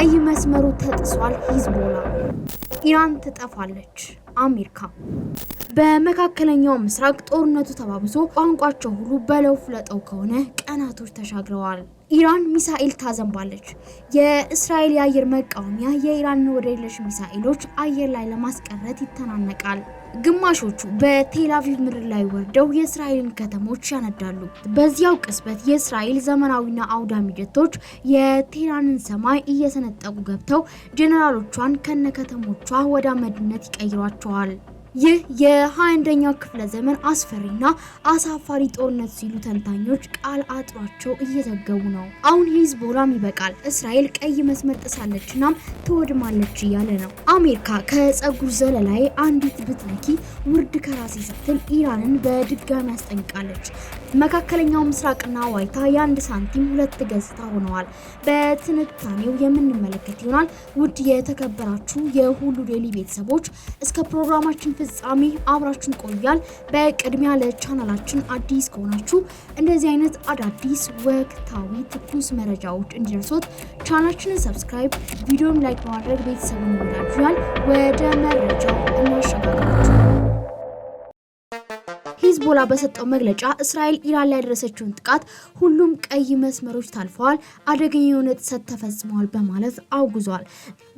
ቀይ መስመሩ ተጥሷል። ሂዝቦላ ኢራን ትጠፋለች። አሜሪካ በመካከለኛው ምስራቅ ጦርነቱ ተባብሶ ቋንቋቸው ሁሉ በለው ፍለጠው ከሆነ ቀናቶች ተሻግረዋል። ኢራን ሚሳኤል ታዘንባለች። የእስራኤል የአየር መቃወሚያ የኢራንን ወደ ሚሳኤሎች አየር ላይ ለማስቀረት ይተናነቃል። ግማሾቹ በቴላቪቭ ምድር ላይ ወርደው የእስራኤልን ከተሞች ያነዳሉ። በዚያው ቅጽበት የእስራኤል ዘመናዊና አውዳሚ ጀቶች የቴህራንን ሰማይ እየሰነጠቁ ገብተው ጄኔራሎቿን ከነ ከተሞቿ ወደ አመድነት ይቀይሯቸዋል። ይህ የ21ኛው ክፍለ ዘመን አስፈሪና አሳፋሪ ጦርነት ሲሉ ተንታኞች ቃል አጥሯቸው እየዘገቡ ነው። አሁን ሂዝቦላም ይበቃል፣ እስራኤል ቀይ መስመር ና ትወድማለች እያለ ነው። አሜሪካ ከጸጉር ዘለላይ አንዲት ብትነኪ ውርድ ከራሴ ስትል ኢራንን በድጋሚ አስጠንቃለች። መካከለኛው ምስራቅና ዋይታ የአንድ ሳንቲም ሁለት ገጽታ ሆነዋል። በትንታኔው የምንመለከት ይሆናል። ውድ የተከበራችሁ የሁሉ ዴይሊ ቤተሰቦች እስከ ፕሮግራማችን ፍጻሜ አብራችን ቆያል። በቅድሚያ ለቻናላችን አዲስ ከሆናችሁ እንደዚህ አይነት አዳዲስ ወቅታዊ ትኩስ መረጃዎች እንዲደርሶት ቻናላችንን ሰብስክራይብ፣ ቪዲዮን ላይክ በማድረግ ቤተሰቡን ይወዳጁያል። ወደ መረጃው እናሸጋግራችሁ። ሂዝቦላ በሰጠው መግለጫ እስራኤል ኢራን ላይ ያደረሰችውን ጥቃት ሁሉም ቀይ መስመሮች ታልፈዋል፣ አደገኛ የሆነ ጥሰት ተፈጽመዋል በማለት አውግዟል።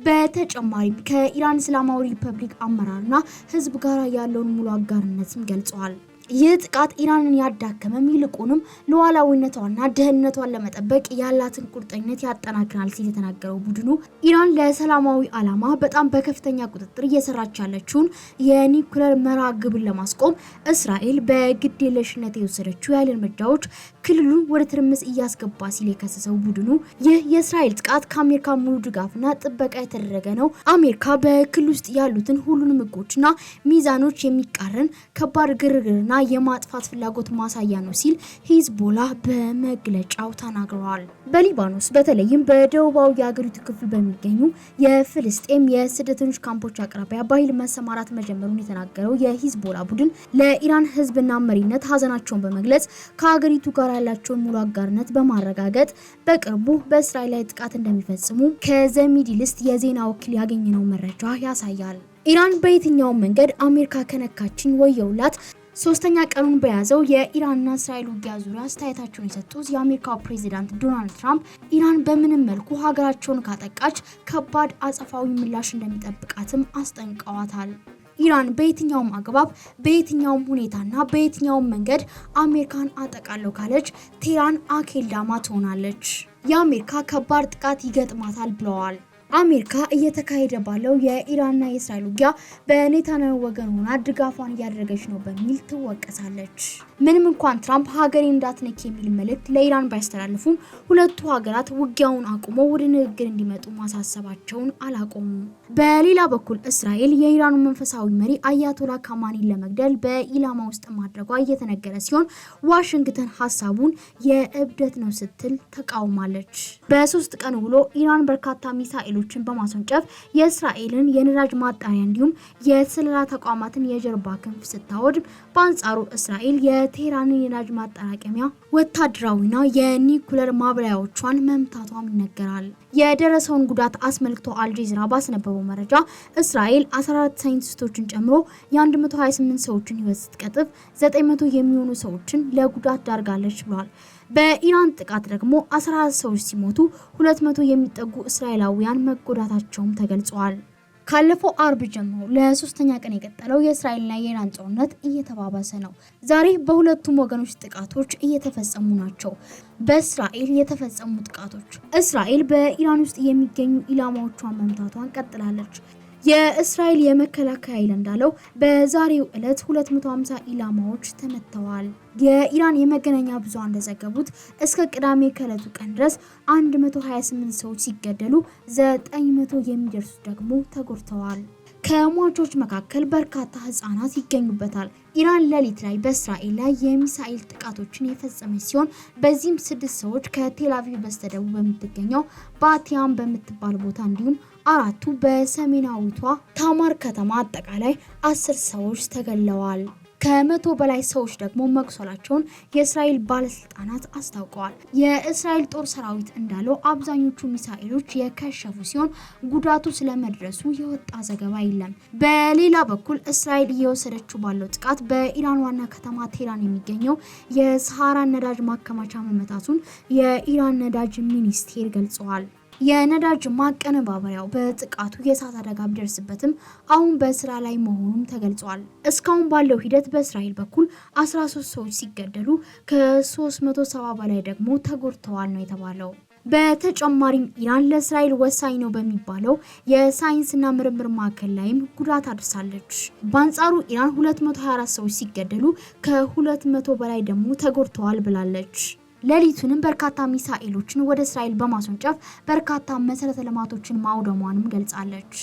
በተጨማሪም ከኢራን እስላማዊ ሪፐብሊክ አመራርና ህዝብ ጋር ያለውን ሙሉ አጋርነትም ገልጸዋል። ይህ ጥቃት ኢራንን ያዳከመም ይልቁንም ሉዓላዊነቷና ደህንነቷን ለመጠበቅ ያላትን ቁርጠኝነት ያጠናክናል ሲል የተናገረው ቡድኑ ኢራን ለሰላማዊ ዓላማ በጣም በከፍተኛ ቁጥጥር እየሰራች ያለችውን የኒኩለር መርሃ ግብን ለማስቆም እስራኤል በግድ የለሽነት የወሰደችው ያህል እርምጃዎች ክልሉን ወደ ትርምስ እያስገባ ሲል የከሰሰው ቡድኑ ይህ የእስራኤል ጥቃት ከአሜሪካ ሙሉ ድጋፍና ጥበቃ የተደረገ ነው፣ አሜሪካ በክልል ውስጥ ያሉትን ሁሉንም ሕጎችና ሚዛኖች የሚቃረን ከባድ ግርግርና የማጥፋት ፍላጎት ማሳያ ነው ሲል ሂዝቦላ በመግለጫው ተናግረዋል። በሊባኖስ በተለይም በደቡባዊ የአገሪቱ ክፍል በሚገኙ የፍልስጤም የስደተኞች ካምፖች አቅራቢያ በኃይል መሰማራት መጀመሩን የተናገረው የሂዝቦላ ቡድን ለኢራን ህዝብና መሪነት ሀዘናቸውን በመግለጽ ከአገሪቱ ጋር ያላቸውን ሙሉ አጋርነት በማረጋገጥ በቅርቡ በእስራኤል ላይ ጥቃት እንደሚፈጽሙ ከዘሚዲ ሊስት የዜና ወኪል ያገኘነው መረጃ ያሳያል። ኢራን በየትኛውም መንገድ አሜሪካ ከነካችን ወየውላት ሶስተኛ ቀኑን በያዘው የኢራንና እስራኤል ውጊያ ዙሪያ አስተያየታቸውን የሰጡት የአሜሪካው ፕሬዚዳንት ዶናልድ ትራምፕ ኢራን በምንም መልኩ ሀገራቸውን ካጠቃች ከባድ አጸፋዊ ምላሽ እንደሚጠብቃትም አስጠንቀዋታል። ኢራን በየትኛውም አግባብ በየትኛውም ሁኔታና በየትኛውም መንገድ አሜሪካን አጠቃለሁ ካለች ቴህራን አኬልዳማ ትሆናለች። የአሜሪካ ከባድ ጥቃት ይገጥማታል ብለዋል። አሜሪካ እየተካሄደ ባለው የኢራንና የእስራኤል ውጊያ በኔታንያሁ ወገን ሆና ድጋፏን እያደረገች ነው በሚል ትወቀሳለች። ምንም እንኳን ትራምፕ ሀገሬ እንዳትነኪ የሚል መልእክት ለኢራን ባያስተላልፉም ሁለቱ ሀገራት ውጊያውን አቁሞ ወደ ንግግር እንዲመጡ ማሳሰባቸውን አላቆሙም። በሌላ በኩል እስራኤል የኢራኑ መንፈሳዊ መሪ አያቶላ ካማኒን ለመግደል በኢላማ ውስጥ ማድረጓ እየተነገረ ሲሆን ዋሽንግተን ሀሳቡን የእብደት ነው ስትል ተቃውማለች። በሶስት ቀን ውሎ ኢራን በርካታ ሚሳኤሎች ሚሳይሎችን በማስወንጨፍ የእስራኤልን የነዳጅ ማጣሪያ እንዲሁም የስለላ ተቋማትን የጀርባ ክንፍ ስታወድም፣ በአንጻሩ እስራኤል የቴህራንን የነዳጅ ማጠራቀሚያ ወታደራዊና የኒኩለር ማብሪያዎቿን መምታቷም ይነገራል። የደረሰውን ጉዳት አስመልክቶ አልጀዚራ ባስነበበው መረጃ እስራኤል 14 ሳይንቲስቶችን ጨምሮ የ128 ሰዎችን ህይወት ስትቀጥፍ 900 የሚሆኑ ሰዎችን ለጉዳት ዳርጋለች ብሏል። በኢራን ጥቃት ደግሞ 14 ሰዎች ሲሞቱ 200 የሚጠጉ እስራኤላውያን መጎዳታቸውም ተገልጸዋል። ካለፈው አርብ ጀምሮ ለሶስተኛ ቀን የቀጠለው የእስራኤልና የኢራን ጦርነት እየተባባሰ ነው። ዛሬ በሁለቱም ወገኖች ጥቃቶች እየተፈጸሙ ናቸው። በእስራኤል የተፈጸሙ ጥቃቶች እስራኤል በኢራን ውስጥ የሚገኙ ኢላማዎቿን መምታቷን ቀጥላለች። የእስራኤል የመከላከያ ኃይል እንዳለው በዛሬው ዕለት 250 ኢላማዎች ተመተዋል። የኢራን የመገናኛ ብዙሃን እንደዘገቡት እስከ ቅዳሜ ከዕለቱ ቀን ድረስ 128 ሰዎች ሲገደሉ 900 የሚደርሱ ደግሞ ተጎድተዋል። ከሟቾች መካከል በርካታ ህጻናት ይገኙበታል። ኢራን ሌሊት ላይ በእስራኤል ላይ የሚሳኤል ጥቃቶችን የፈጸመች ሲሆን በዚህም ስድስት ሰዎች ከቴል አቪቭ በስተደቡብ በምትገኘው ባቲያም በምትባል ቦታ እንዲሁም አራቱ በሰሜናዊቷ ታማር ከተማ አጠቃላይ አስር ሰዎች ተገለዋል። ከመቶ በላይ ሰዎች ደግሞ መቁሰላቸውን የእስራኤል ባለስልጣናት አስታውቀዋል። የእስራኤል ጦር ሰራዊት እንዳለው አብዛኞቹ ሚሳኤሎች የከሸፉ ሲሆን ጉዳቱ ስለመድረሱ የወጣ ዘገባ የለም። በሌላ በኩል እስራኤል እየወሰደችው ባለው ጥቃት በኢራን ዋና ከተማ ቴህራን የሚገኘው የሰሐራ ነዳጅ ማከማቻ መመታቱን የኢራን ነዳጅ ሚኒስቴር ገልጸዋል። የነዳጅ ማቀነባበሪያው በጥቃቱ የእሳት አደጋ ቢደርስበትም አሁን በስራ ላይ መሆኑም ተገልጿል። እስካሁን ባለው ሂደት በእስራኤል በኩል 13 ሰዎች ሲገደሉ ከ370 በላይ ደግሞ ተጎድተዋል ነው የተባለው። በተጨማሪም ኢራን ለእስራኤል ወሳኝ ነው በሚባለው የሳይንስና ምርምር ማዕከል ላይም ጉዳት አድርሳለች። በአንጻሩ ኢራን 224 ሰዎች ሲገደሉ ከ200 በላይ ደግሞ ተጎድተዋል ብላለች። ሌሊቱንም በርካታ ሚሳኤሎችን ወደ እስራኤል በማስወንጨፍ በርካታ መሰረተ ልማቶችን ማውደሟንም ገልጻለች።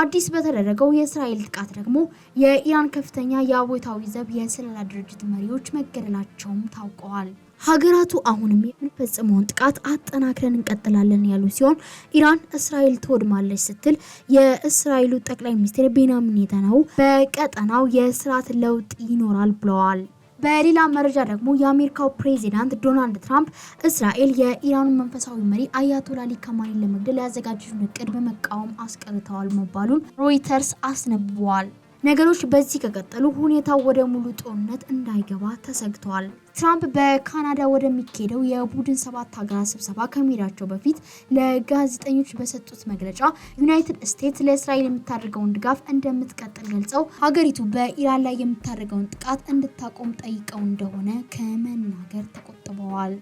አዲስ በተደረገው የእስራኤል ጥቃት ደግሞ የኢራን ከፍተኛ የአብዮታዊ ዘብ የስለላ ድርጅት መሪዎች መገደላቸውም ታውቀዋል። ሀገራቱ አሁንም የምንፈጽመውን ጥቃት አጠናክረን እንቀጥላለን ያሉ ሲሆን ኢራን እስራኤል ትወድማለች ስትል የእስራኤሉ ጠቅላይ ሚኒስትር ቤንያሚን ኔታንያሁ በቀጠናው የስርዓት ለውጥ ይኖራል ብለዋል። በሌላ መረጃ ደግሞ የአሜሪካው ፕሬዚዳንት ዶናልድ ትራምፕ እስራኤል የኢራኑን መንፈሳዊ መሪ አያቶላ ሊ ከማኒን ለመግደል ያዘጋጀውን እቅድ በመቃወም አስቀርተዋል መባሉን ሮይተርስ አስነብቧል። ነገሮች በዚህ ከቀጠሉ ሁኔታው ወደ ሙሉ ጦርነት እንዳይገባ ተሰግተዋል። ትራምፕ በካናዳ ወደሚካሄደው የቡድን ሰባት ሀገራት ስብሰባ ከመሄዳቸው በፊት ለጋዜጠኞች በሰጡት መግለጫ ዩናይትድ ስቴትስ ለእስራኤል የምታደርገውን ድጋፍ እንደምትቀጥል ገልጸው ሀገሪቱ በኢራን ላይ የምታደርገውን ጥቃት እንድታቆም ጠይቀው እንደሆነ ከመናገር ተቆጥበዋል።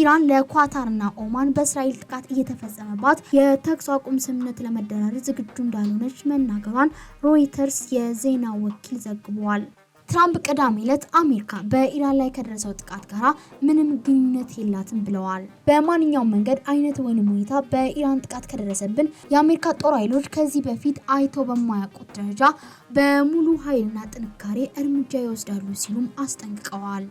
ኢራን ለኳታርና ኦማን በእስራኤል ጥቃት እየተፈጸመባት የተኩስ አቁም ስምምነት ለመደራደር ዝግጁ እንዳልሆነች መናገሯን ሮይተርስ የዜና ወኪል ዘግቧል። ትራምፕ ቅዳሜ ዕለት አሜሪካ በኢራን ላይ ከደረሰው ጥቃት ጋር ምንም ግንኙነት የላትም ብለዋል። በማንኛውም መንገድ አይነት ወይንም ሁኔታ በኢራን ጥቃት ከደረሰብን የአሜሪካ ጦር ኃይሎች ከዚህ በፊት አይተው በማያውቁት ደረጃ በሙሉ ኃይልና ጥንካሬ እርምጃ ይወስዳሉ ሲሉም አስጠንቅቀዋል።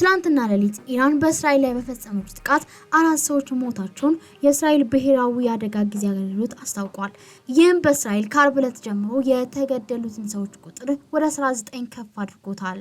ትላንትና ሌሊት ኢራን በእስራኤል ላይ በፈጸመች ጥቃት አራት ሰዎች መሞታቸውን የእስራኤል ብሔራዊ የአደጋ ጊዜ አገልግሎት አስታውቋል። ይህም በእስራኤል ከአርብ ዕለት ጀምሮ የተገደሉትን ሰዎች ቁጥር ወደ 19 ከፍ አድርጎታል።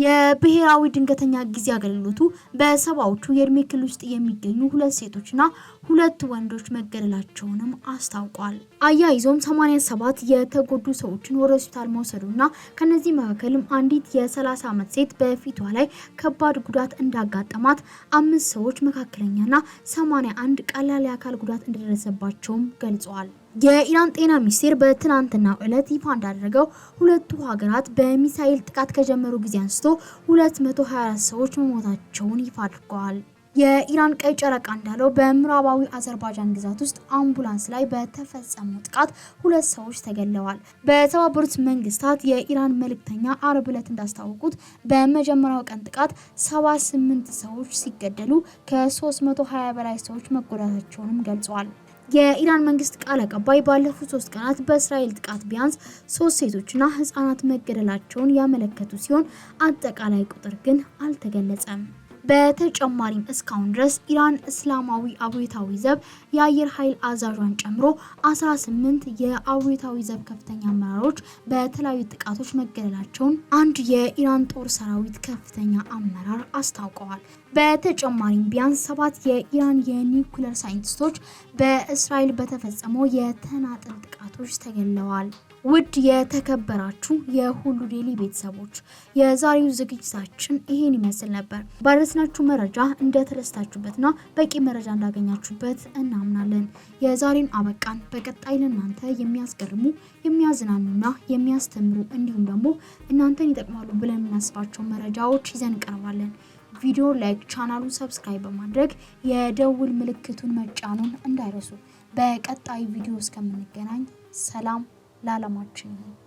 የብሔራዊ ድንገተኛ ጊዜ አገልግሎቱ በሰባዎቹ የእድሜ ክልል ውስጥ የሚገኙ ሁለት ሴቶችና ሁለት ወንዶች መገደላቸውንም አስታውቋል። አያይዞም 87 የተጎዱ ሰዎችን ወደ ሆስፒታል መውሰዱና ከነዚህ መካከልም አንዲት የ30 ዓመት ሴት በፊቷ ላይ ከባድ ጉዳት እንዳጋጠማት፣ አምስት ሰዎች መካከለኛና 81 ቀላል የአካል ጉዳት እንደደረሰባቸውም ገልጸዋል። የኢራን ጤና ሚኒስቴር በትናንትናው ዕለት ይፋ እንዳደረገው ሁለቱ ሀገራት በሚሳኤል ጥቃት ከጀመሩ ጊዜ አንስቶ 224 ሰዎች መሞታቸውን ይፋ አድርገዋል። የኢራን ቀይ ጨረቃ እንዳለው በምዕራባዊ አዘርባይጃን ግዛት ውስጥ አምቡላንስ ላይ በተፈጸመው ጥቃት ሁለት ሰዎች ተገለዋል። በተባበሩት መንግስታት የኢራን መልእክተኛ አርብ ዕለት እንዳስታወቁት በመጀመሪያው ቀን ጥቃት 78 ሰዎች ሲገደሉ ከ320 በላይ ሰዎች መጎዳታቸውንም ገልጸዋል። የኢራን መንግስት ቃል አቀባይ ባለፉት ሶስት ቀናት በእስራኤል ጥቃት ቢያንስ ሶስት ሴቶችና ህጻናት መገደላቸውን ያመለከቱ ሲሆን አጠቃላይ ቁጥር ግን አልተገለጸም። በተጨማሪም እስካሁን ድረስ ኢራን እስላማዊ አብዮታዊ ዘብ የአየር ኃይል አዛዧን ጨምሮ 18 የአብዮታዊ ዘብ ከፍተኛ አመራሮች በተለያዩ ጥቃቶች መገደላቸውን አንድ የኢራን ጦር ሰራዊት ከፍተኛ አመራር አስታውቀዋል። በተጨማሪም ቢያንስ ሰባት የኢራን የኒውክለር ሳይንቲስቶች በእስራኤል በተፈጸመው የተናጠል ጥቃቶች ተገለዋል። ውድ የተከበራችሁ የሁሉ ዴይሊ ቤተሰቦች የዛሬው ዝግጅታችን ይህን ይመስል ነበር። ባደረስናችሁ መረጃ እንደተደሰታችሁበትና በቂ መረጃ እንዳገኛችሁበት እናምናለን። የዛሬን አበቃን። በቀጣይ ለእናንተ የሚያስገርሙ የሚያዝናኑና የሚያስተምሩ እንዲሁም ደግሞ እናንተን ይጠቅማሉ ብለን የምናስባቸው መረጃዎች ይዘን እንቀርባለን። ቪዲዮ ላይክ፣ ቻናሉን ሰብስክራይብ በማድረግ የደውል ምልክቱን መጫኑን እንዳይረሱ። በቀጣይ ቪዲዮ እስከምንገናኝ ሰላም ለዓለማችን ይሁን።